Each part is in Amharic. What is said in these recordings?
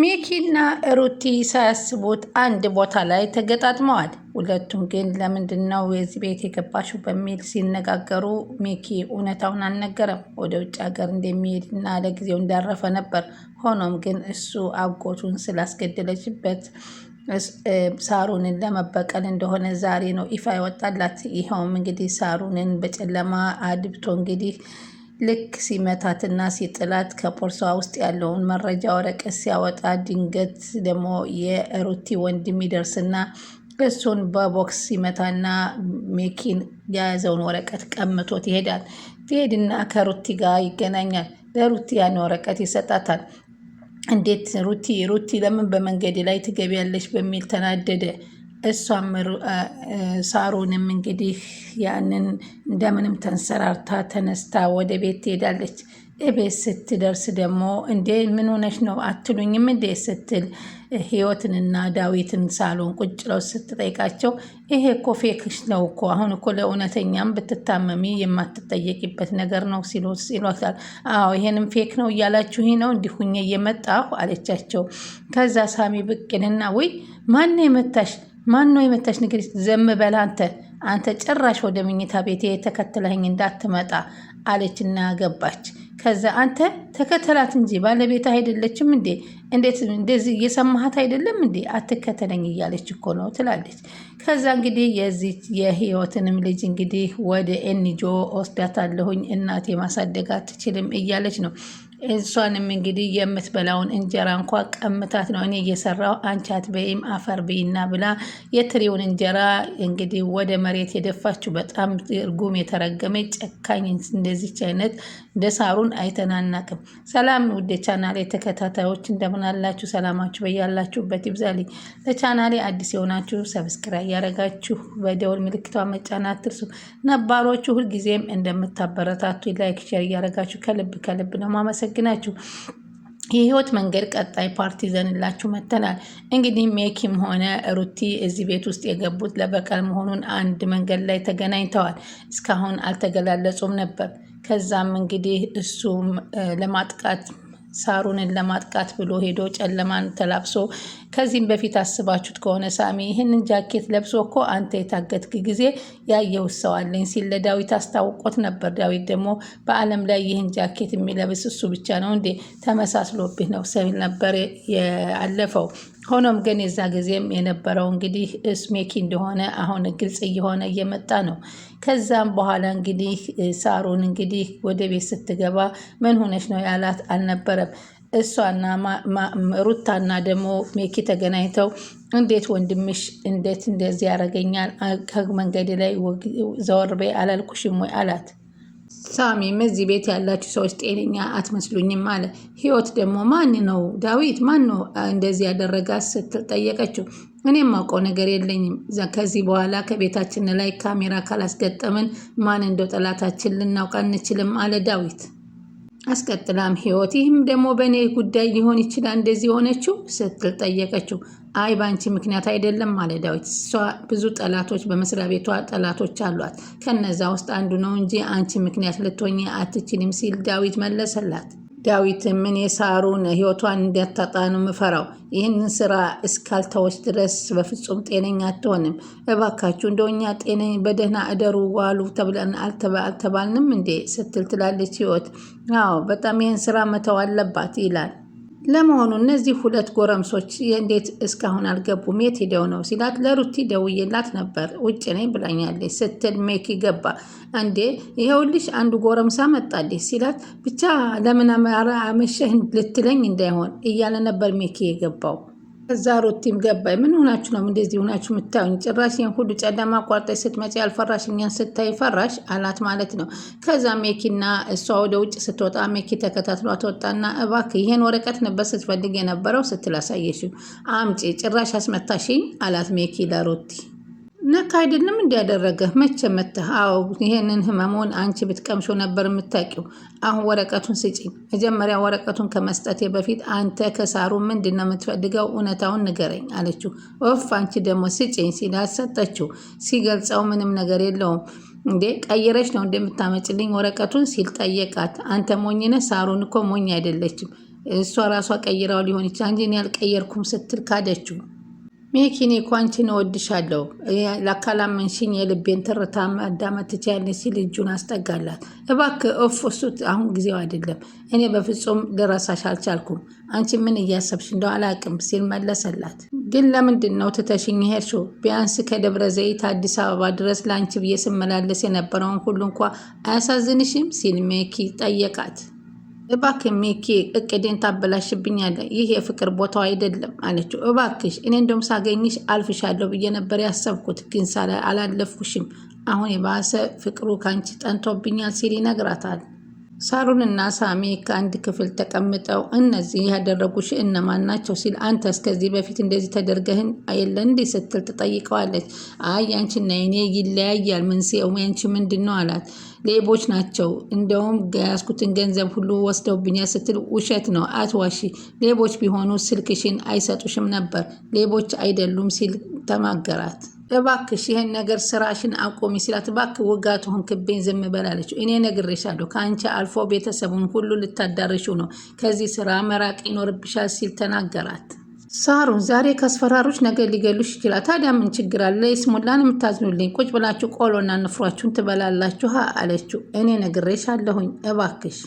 ሚኪና ሩቲ ሳያስቡት አንድ ቦታ ላይ ተገጣጥመዋል። ሁለቱም ግን ለምንድን ነው የዚህ ቤት የገባሽው በሚል ሲነጋገሩ ሚኪ እውነታውን አልነገረም። ወደ ውጭ ሀገር እንደሚሄድና ለጊዜው እንዳረፈ ነበር። ሆኖም ግን እሱ አጎቱን ስላስገደለችበት ሳሩንን ለመበቀል እንደሆነ ዛሬ ነው ይፋ ይወጣላት። ይኸውም እንግዲህ ሳሩንን በጨለማ አድብቶ እንግዲህ ልክ ሲመታትና ሲጥላት ከፖርሷ ውስጥ ያለውን መረጃ ወረቀት ሲያወጣ ድንገት ደግሞ የሩቲ ወንድም ይደርስና እሱን በቦክስ ሲመታና ሜኪን የያዘውን ወረቀት ቀምቶት ይሄዳል። ትሄድና ከሩቲ ጋር ይገናኛል። ለሩቲ ያን ወረቀት ይሰጣታል። እንዴት ሩቲ ሩቲ ለምን በመንገድ ላይ ትገቢያለች በሚል ተናደደ። እሷም ሳሮንም እንግዲህ ያንን እንደምንም ተንሰራርታ ተነስታ ወደ ቤት ትሄዳለች። እቤት ስትደርስ ደግሞ እንዴ ምን ሆነሽ ነው አትሉኝም እንዴ ስትል ህይወትንና ዳዊትን ሳሎን ቁጭ ብለው ስትጠይቃቸው ይሄ እኮ ፌክሽ ነው እኮ አሁን እኮ ለእውነተኛም ብትታመሚ የማትጠየቂበት ነገር ነው ሲሉ ሲሏታል። አዎ ይሄንም ፌክ ነው እያላችሁ ይህ ነው እንዲሁኝ እየመጣሁ አለቻቸው። ከዛ ሳሚ ብቅንና ውይ ማን የመታሽ ማን ነው የመታሽ? ንግሪ ዘም በል አንተ አንተ ጭራሽ ወደ መኝታ ቤቴ ተከትለኝ እንዳትመጣ አለችና ገባች። ከዛ አንተ ተከተላት እንጂ ባለቤት አይደለችም እንዴ? እንዴት እንደዚህ እየሰማሃት አይደለም እንዴ? አትከተለኝ እያለች እኮ ነው ትላለች። ከዛ እንግዲህ የዚህ የህይወትንም ልጅ እንግዲህ ወደ ኤንጆ ወስዳታለሁኝ እናቴ ማሳደግ አትችልም እያለች ነው እሷንም እንግዲህ የምትበላውን እንጀራ እንኳ ቀምታት ነው እኔ እየሰራው አንቻት በይም አፈር ብይና ብላ የትሪውን እንጀራ እንግዲህ ወደ መሬት የደፋችው በጣም እርጉም የተረገመ ጨካኝ እንደዚች አይነት ደሳሩን አይተናናቅም። ሰላም ውድ የቻናሌ ተከታታዮች እንደምን አላችሁ? ሰላማችሁ በያላችሁበት ይብዛል። ለቻናሌ አዲስ የሆናችሁ ሰብስክራ ያደረጋችሁ በደውል ምልክቷ መጫን አትርሱ። ነባሮቹ ሁልጊዜም እንደምታበረታቱ ላይክ፣ ሼር እያደረጋችሁ ከልብ ከልብ ነው ማመሰግናችሁ። የህይወት መንገድ ቀጣይ ፓርቲ ዘንላችሁ መተናል እንግዲህ ሜኪም ሆነ ሩቲ እዚህ ቤት ውስጥ የገቡት ለበቀል መሆኑን አንድ መንገድ ላይ ተገናኝተዋል። እስካሁን አልተገላለጹም ነበር። ከዛም እንግዲህ እሱም ለማጥቃት ሳሩንን ለማጥቃት ብሎ ሄዶ ጨለማን ተላብሶ ከዚህም በፊት አስባችሁት ከሆነ ሳሚ ይህንን ጃኬት ለብሶ እኮ አንተ የታገትክ ጊዜ ያየው ሰው አለኝ ሲል ለዳዊት አስታውቆት ነበር። ዳዊት ደግሞ በዓለም ላይ ይህን ጃኬት የሚለብስ እሱ ብቻ ነው እንዴ ተመሳስሎብህ ነው ሰሚል ነበር ያለፈው ሆኖም ግን የዛ ጊዜም የነበረው እንግዲህ ስሜኪ እንደሆነ አሁን ግልጽ እየሆነ እየመጣ ነው። ከዛም በኋላ እንግዲህ ሳሩን እንግዲህ ወደ ቤት ስትገባ ምን ሆነች ነው ያላት አልነበረም። እሷና ሩታና ደግሞ ሜኪ ተገናኝተው እንዴት ወንድምሽ እንዴት እንደዚህ ያደርገኛል ከመንገድ ላይ ዘወር በይ አላልኩሽም ወይ አላት። ሳሚም እዚህ ቤት ያላችሁ ሰዎች ጤነኛ አትመስሉኝም አለ። ህይወት ደግሞ ማን ነው ዳዊት ማን ነው እንደዚህ ያደረጋት ስትጠየቀችው እኔ የማውቀው ነገር የለኝም። ከዚህ በኋላ ከቤታችን ላይ ካሜራ ካላስገጠምን ማን እንደው ጠላታችን ልናውቅ አንችልም አለ ዳዊት። አስቀጥላም ህይወት ይህም ደግሞ በእኔ ጉዳይ ሊሆን ይችላል እንደዚህ የሆነችው ስትል ጠየቀችው። አይ በአንቺ ምክንያት አይደለም አለ ዳዊት። እሷ ብዙ ጠላቶች በመስሪያ ቤቷ ጠላቶች አሏት፣ ከነዛ ውስጥ አንዱ ነው እንጂ አንቺ ምክንያት ልትሆኝ አትችልም ሲል ዳዊት መለሰላት። ዳዊትም እኔ ሳሩን ህይወቷን እንዳታጣ ነው ምፈራው። ይህን ስራ እስካልተወች ድረስ በፍጹም ጤነኛ አትሆንም። እባካችሁ እንደኛ ጤነ በደህና እደሩ ዋሉ ተብለን አልተባልንም እንዴ ስትል ትላለች ህይወት። አዎ በጣም ይህን ስራ መተው አለባት ይላል ለመሆኑ እነዚህ ሁለት ጎረምሶች እንዴት እስካሁን አልገቡም? የት ሄደው ነው ሲላት፣ ለሩቲ ደውዬላት ነበር ውጭ ነኝ ብላኛለች ስትል ሜኪ ገባ። እንዴ ይኸውልሽ አንዱ ጎረምሳ መጣልሽ ሲላት፣ ብቻ ለምን አመሸህ ልትለኝ እንዳይሆን እያለ ነበር ሜኪ የገባው። ከዛ ሮቲም ገባ። ምን ሆናችሁ ነው እንደዚህ ሆናችሁ የምታዩኝ? ጭራሽ ይህን ሁሉ ጨለማ አቋርጠሽ ስትመጪ ያልፈራሽ እኛን ስታይ ፈራሽ አላት ማለት ነው። ከዛ ሜኪና እሷ ወደ ውጭ ስትወጣ ሜኪ ተከታትሎ ተወጣና እባክህ ይህን ወረቀት ነበር ስትፈልግ የነበረው ስትላሳየሽ፣ አምጪ ጭራሽ አስመታሽኝ አላት ሜኪ ለሮቲ ነካ አይደለም እንዲያደረገ መቼ መተህ? አዎ ይህንን ህመሙን አንቺ ብትቀምሾ ነበር የምታውቂው። አሁን ወረቀቱን ስጪኝ። መጀመሪያ ወረቀቱን ከመስጠቴ በፊት አንተ ከሳሩ ምንድን ነው የምትፈልገው? እውነታውን ንገረኝ አለችው። ኦፍ አንቺ ደግሞ ስጪኝ ሲላት ሰጠችው። ሲገልጸው ምንም ነገር የለውም እንዴ ቀይረሽ ነው እንደምታመጭልኝ ወረቀቱን ሲል ጠየቃት። አንተ ሞኝነ ሳሩን እኮ ሞኝ አይደለችም። እሷ ራሷ ቀይራው ሊሆን ይችላል እንጂ እኔ አልቀየርኩም ስትል ካደችው። ሜኪ እኔ እኮ አንቺን እወድሻለሁ ላካላመንሽኝ የልቤን ትርታ አዳመጥ ትችያለሽ ሲል እጁን አስጠጋላት። እባክህ እፍ እሱት አሁን ጊዜው አይደለም፣ እኔ በፍጹም ልረሳሽ አልቻልኩም፣ አንቺ ምን እያሰብሽ እንደው አላቅም ሲል መለሰላት። ግን ለምንድን ነው ትተሽኝ ሄድሽው? ቢያንስ ከደብረ ዘይት አዲስ አበባ ድረስ ለአንቺ ብዬ ስመላለስ የነበረውን ሁሉ እንኳ አያሳዝንሽም? ሲል ሜኪ ጠየቃት። እባክህ ሚኪ እቅዴን ታበላሽብኛለህ። ይህ የፍቅር ቦታው አይደለም አለችው። እባክሽ እኔ እንደውም ሳገኝሽ አልፍሻለሁ ብዬ ነበር ያሰብኩት፣ ግን ሳላ አላለፍኩሽም። አሁን የባሰ ፍቅሩ ካንቺ ጠንቶብኛል ሲል ይነግራታል። ሳሩን እና ሳሚ ከአንድ ክፍል ተቀምጠው እነዚህ ያደረጉሽ እነማን ናቸው ሲል አንተ እስከዚህ በፊት እንደዚህ ተደርገህን አየለ እንዲህ ስትል ትጠይቀዋለች። አይ አንቺና የኔ ይለያያል፣ መንስኤው ያንቺ ምንድን ነው አላት። ሌቦች ናቸው እንደውም ያስኩትን ገንዘብ ሁሉ ወስደውብኛል ስትል ውሸት ነው አትዋሺ፣ ሌቦች ቢሆኑ ስልክሽን አይሰጡሽም ነበር፣ ሌቦች አይደሉም ሲል ተማገራት። እባክሽ ይሄን ነገር ስራሽን አቆሚ ሲላት፣ እባክህ ውጋት ሆንክብኝ ዝም በላለች። እኔ ነግሬሻለሁ ከአንቺ አልፎ ቤተሰቡን ሁሉ ልታዳርሽው ነው፣ ከዚህ ስራ መራቅ ይኖርብሻል ሲል ተናገራት። ሳሩን ዛሬ ካስፈራሩች ነገር ሊገሉሽ ይችላል። ታዲያ ምን ችግር አለ? የስሙላን የምታዝኑልኝ ቁጭ ብላችሁ ቆሎና ንፍሯችሁን ትበላላችሁ አለችው። እኔ ነግሬሻለሁኝ እባክሽ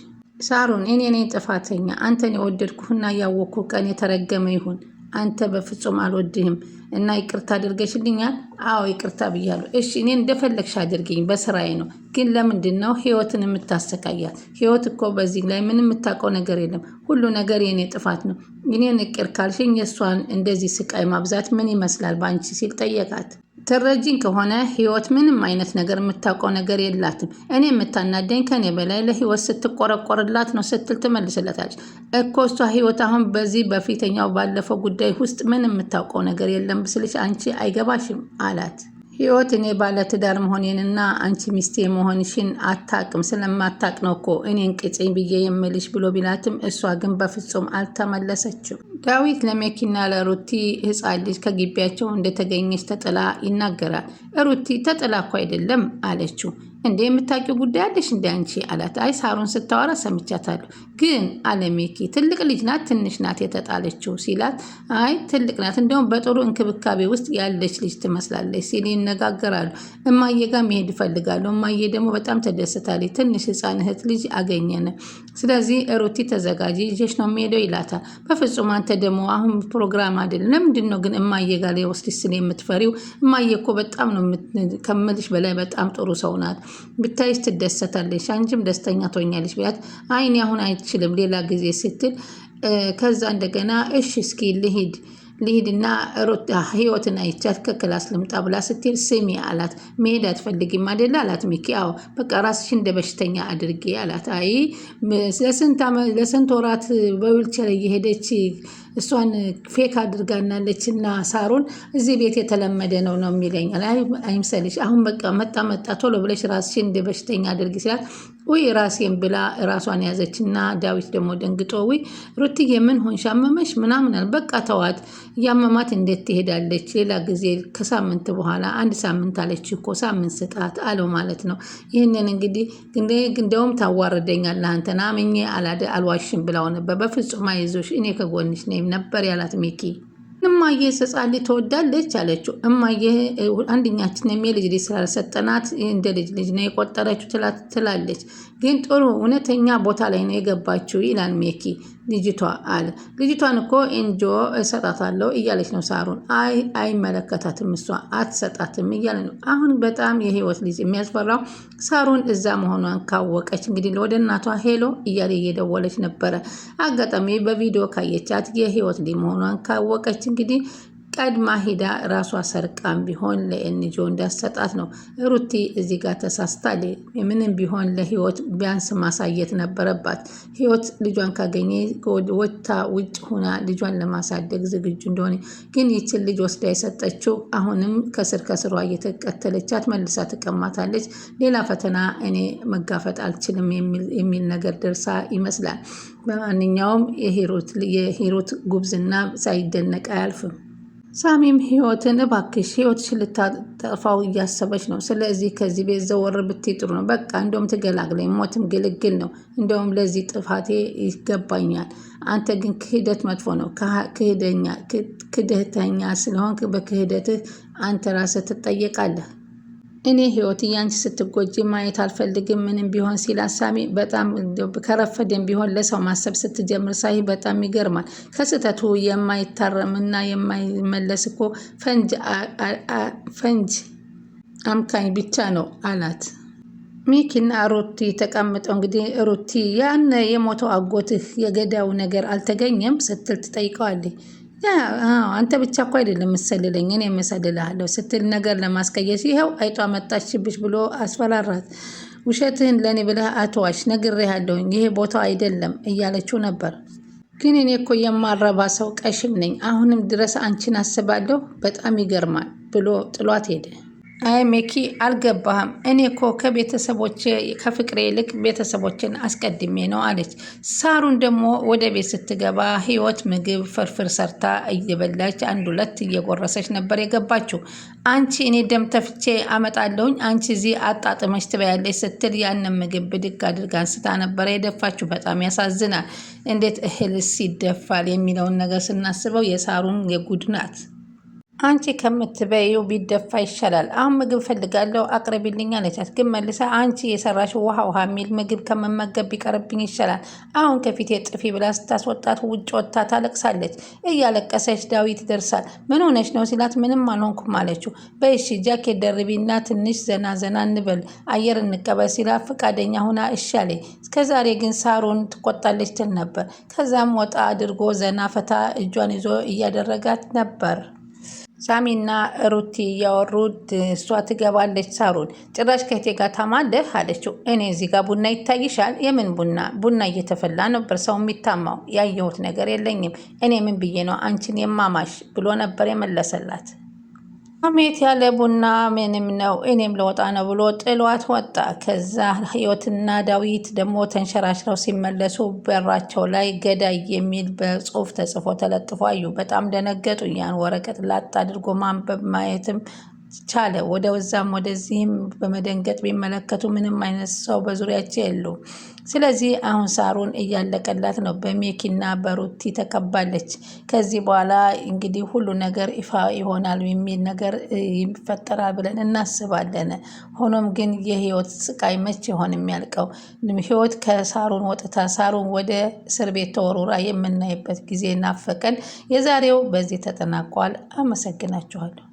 ሳሩን፣ እኔ ነኝ ጥፋተኛ። አንተን የወደድኩህና ያወቅኩህ ቀን የተረገመ ይሁን። አንተ በፍጹም አልወድህም እና ይቅርታ አድርገሽልኛል? አዎ ይቅርታ ብያለሁ። እሺ እኔ እንደፈለግሽ አድርገኝ፣ በስራዬ ነው። ግን ለምንድን ነው ህይወትን የምታሰቃያት? ህይወት እኮ በዚህ ላይ ምን የምታውቀው ነገር የለም። ሁሉ ነገር የእኔ ጥፋት ነው። እኔን ይቅር ካልሽኝ የእሷን እንደዚህ ስቃይ ማብዛት ምን ይመስላል በአንቺ ሲል ጠየቃት። ትረጂኝ ከሆነ ህይወት ምንም አይነት ነገር የምታውቀው ነገር የላትም። እኔ የምታናደኝ ከኔ በላይ ለህይወት ስትቆረቆርላት ነው ስትል ትመልስለታለች። እኮ እሷ ህይወት አሁን በዚህ በፊተኛው ባለፈው ጉዳይ ውስጥ ምን የምታውቀው ነገር የለም ብስልሽ አንቺ አይገባሽም አላት። ህይወት እኔ ባለትዳር መሆኔንና አንቺ ሚስቴ መሆንሽን አታቅም ስለማታቅ ነው እኮ እኔን ቅጭኝ ብዬ የምልሽ ብሎ ቢላትም እሷ ግን በፍጹም አልተመለሰችም። ዳዊት ለሜኪና ለሩቲ ህፃን ልጅ ከግቢያቸው እንደተገኘች ተጥላ ይናገራል። ሩቲ ተጥላ እኮ አይደለም አለችው። እንዴ የምታውቂው ጉዳይ አለሽ እንደ አንቺ አላት። አይ ሳሩን ስታወራ ሰምቻታለሁ፣ ግን አለሜኪ ትልቅ ልጅ ናት ትንሽ ናት የተጣለችው ሲላት፣ አይ ትልቅ ናት፣ እንደውም በጥሩ እንክብካቤ ውስጥ ያለች ልጅ ትመስላለች ሲል ይነጋገራሉ። እማዬ ጋር መሄድ ይፈልጋሉ። እማዬ ደግሞ በጣም ተደስታለች። ትንሽ ህፃን እህት ልጅ አገኘን፣ ስለዚህ ሩቲ ተዘጋጂ፣ ልጅሽ ነው የሚሄደው ይላታል። በፍጹም አንተ ደግሞ አሁን ፕሮግራም አይደለም። ለምንድን ነው ግን እማዬ ጋር ወስድ ስል የምትፈሪው? እማዬ እኮ በጣም ነው ከምልሽ በላይ በጣም ጥሩ ሰው ናት። ብታይሽ ትደሰታለሽ፣ አንቺም ደስተኛ ትሆኛለሽ ብላት አይኔ አሁን አይችልም ሌላ ጊዜ ስትል ከዛ እንደገና እሽ እስኪ ልሂድ ልሂድና ህይወትን አይቻት ከክላስ ልምጣ ብላ ስትል ስሚ አላት። መሄድ አትፈልጊም አደለ አላት። ሚኪ አዎ፣ በቃ ራስሽ እንደ በሽተኛ አድርጌ አላት። አይ ለስንት ወራት በዊልቸር እየሄደች እሷን ፌክ አድርጋናለች እና ሳሮን እዚህ ቤት የተለመደ ነው ነው የሚለኛል። አይምሰልሽ አሁን በቃ መጣ መጣ ቶሎ ብለሽ ራስሽን እንደ በሽተኛ አድርጊ ስላት ውይ ራሴን ብላ ራሷን ያዘች እና ዳዊት ደግሞ ደንግጦ ውይ ሩትዬ ምን ሆንሽ አመመሽ ምናምናል በቃ ተዋት እያመማት እንዴት ትሄዳለች ሌላ ጊዜ ከሳምንት በኋላ አንድ ሳምንት አለች እኮ ሳምንት ስጣት አለው ማለት ነው ይህንን እንግዲህ እንደውም ታዋርደኛል ለአንተን አምኜ አልዋሽም ብላው ነበር በፍጹም አይዞሽ እኔ ከጎንሽ ነኝ አልመሰለኝም ነበር ያላት ሚኪ። እማዬ ህፃን ልጅ ትወዳለች አለችው። እማዬ አንድኛችን የሚል ልጅ ልጅ ስላልሰጠናት እንደ ልጅ ልጅ ነው የቆጠረችው ትላለች። ግን ጥሩ እውነተኛ ቦታ ላይ ነው የገባችው ይላል ሜኪ። ልጅቷ አለ። ልጅቷን እኮ ኢንጆ እሰጣታለሁ እያለች ነው ሳሩን። አይ አይመለከታትም፣ እሷ አትሰጣትም እያለ ነው። አሁን በጣም የህይወት ልጅ የሚያስፈራው ሳሩን እዛ መሆኗን ካወቀች እንግዲህ ወደ እናቷ ሄሎ እያለ እየደወለች ነበረ። አጋጣሚ በቪዲዮ ካየቻት የህይወት ልጅ መሆኗን ካወቀች እንግዲህ ቀድማ ሂዳ ራሷ ሰርቃም ቢሆን ለኤንጆ እንዳሰጣት ነው። ሩቲ እዚህ ጋር ተሳስታል። ምንም ቢሆን ለህይወት ቢያንስ ማሳየት ነበረባት። ህይወት ልጇን ካገኘ ወታ ውጭ ሆና ልጇን ለማሳደግ ዝግጁ እንደሆነ ግን ይችን ልጅ ወስዳ የሰጠችው አሁንም ከስር ከስሯ እየተቀተለቻት መልሳ ትቀማታለች። ሌላ ፈተና እኔ መጋፈጥ አልችልም የሚል ነገር ደርሳ ይመስላል። በማንኛውም የሂሩት ጉብዝና ሳይደነቅ አያልፍም። ሳሚም ህይወትን እባክሽ ህይወትሽን ልታጠፋው እያሰበች ነው። ስለዚህ ከዚህ ቤት ዘወር ብትይ ጥሩ ነው። በቃ እንደውም ትገላግለኝ፣ ሞትም ግልግል ነው። እንደውም ለዚህ ጥፋቴ ይገባኛል። አንተ ግን ክህደት መጥፎ ነው። ክህደኛ ክህደተኛ ስለሆንክ በክህደትህ አንተ ራስህ ትጠየቃለህ። እኔ ህይወት እያንቺ ስትጎጂ ማየት አልፈልግም ምንም ቢሆን ሲል አሳሚ በጣም ከረፈደም ቢሆን ለሰው ማሰብ ስትጀምር ሳይ በጣም ይገርማል። ከስህተቱ የማይታረምና የማይመለስ እኮ ፈንጅ አምካኝ ብቻ ነው አላት። ሚኪና ሩቲ ተቀምጠው እንግዲህ ሩቲ ያን የሞተው አጎትህ የገዳው ነገር አልተገኘም ስትል ትጠይቀዋለች። አንተ ብቻ እኮ አይደለም የምትሰልለኝ እኔ የምሰልልሃለሁ ስትል ነገር ለማስቀየስ ይኸው አይጧ መጣችብሽ ብሎ አስፈራራት። ውሸትህን ለእኔ ብለህ አትዋሽ፣ ነግሬሃለሁኝ ይሄ ቦታ አይደለም እያለችው ነበር። ግን እኔ እኮ የማረባ ሰው ቀሽም ነኝ፣ አሁንም ድረስ አንቺን አስባለሁ፣ በጣም ይገርማል ብሎ ጥሏት ሄደ። አይ ሜኪ አልገባህም። እኔ እኮ ከቤተሰቦች ከፍቅሬ ይልቅ ቤተሰቦችን አስቀድሜ ነው አለች። ሳሩን ደግሞ ወደ ቤት ስትገባ ህይወት ምግብ ፍርፍር ሰርታ እየበላች አንድ ሁለት እየጎረሰች ነበር የገባችው። አንቺ እኔ ደም ተፍቼ አመጣለሁኝ አንቺ እዚህ አጣጥመች ትበያለች ስትል ያንን ምግብ ብድግ አድርጋ አንስታ ነበረ የደፋችሁ። በጣም ያሳዝናል። እንዴት እህልስ ይደፋል የሚለውን ነገር ስናስበው የሳሩን የጉድ ናት። አንቺ ከምትበይው ቢደፋ ይሻላል። አሁን ምግብ ፈልጋለሁ አቅርቢልኝ አለቻት። ግን መልሳ አንቺ የሰራሽ ውሃ ውሃ የሚል ምግብ ከመመገብ ቢቀርብኝ ይሻላል፣ አሁን ከፊቴ ጥፊ ብላ ስታስወጣት ውጭ ወጥታ ታለቅሳለች። እያለቀሰች ዳዊት ይደርሳል። ምን ሆነች ነው ሲላት ምንም አልሆንኩም አለችው። በይሺ ጃኬት ደርቢና ትንሽ ዘና ዘና እንበል አየር እንቀበል ሲላት ፈቃደኛ ሁና እሺ አለኝ። እስከዛሬ ግን ሳሮን ትቆጣለች ትል ነበር። ከዛም ወጣ አድርጎ ዘና ፈታ እጇን ይዞ እያደረጋት ነበር። ሳሚና ሩቲ እያወሩት እሷ ትገባለች። ሳሩን ጭራሽ ከቴ ጋር ታማለህ አለችው። እኔ እዚህ ጋር ቡና ይታይሻል? የምን ቡና? ቡና እየተፈላ ነበር ሰው የሚታማው። ያየሁት ነገር የለኝም። እኔ ምን ብዬ ነው አንቺን የማማሽ ብሎ ነበር የመለሰላት። አሜት ያለ ቡና ምንም ነው እኔም ለወጣ ነው ብሎ ጥሏት ወጣ። ከዛ ህይወትና ዳዊት ደግሞ ተንሸራሽረው ሲመለሱ በራቸው ላይ ገዳይ የሚል በጽሁፍ ተጽፎ ተለጥፎ አዩ። በጣም ደነገጡ። ያን ወረቀት ላጥ አድርጎ ማንበብ ማየትም ቻለ። ወደ ወዛም ወደዚህም በመደንገጥ ቢመለከቱ ምንም አይነት ሰው በዙሪያቸው የሉ። ስለዚህ አሁን ሳሩን እያለቀላት ነው። በሜኪና በሩቲ ተከባለች። ከዚህ በኋላ እንግዲህ ሁሉ ነገር ይፋ ይሆናል የሚል ነገር ይፈጠራል ብለን እናስባለን። ሆኖም ግን የህይወት ስቃይ መቼ ይሆን የሚያልቀው? ህይወት ከሳሩን ወጥታ ሳሩን ወደ እስር ቤት ተወርውራ የምናይበት ጊዜ ናፈቀን። የዛሬው በዚህ ተጠናቋል። አመሰግናችኋለሁ።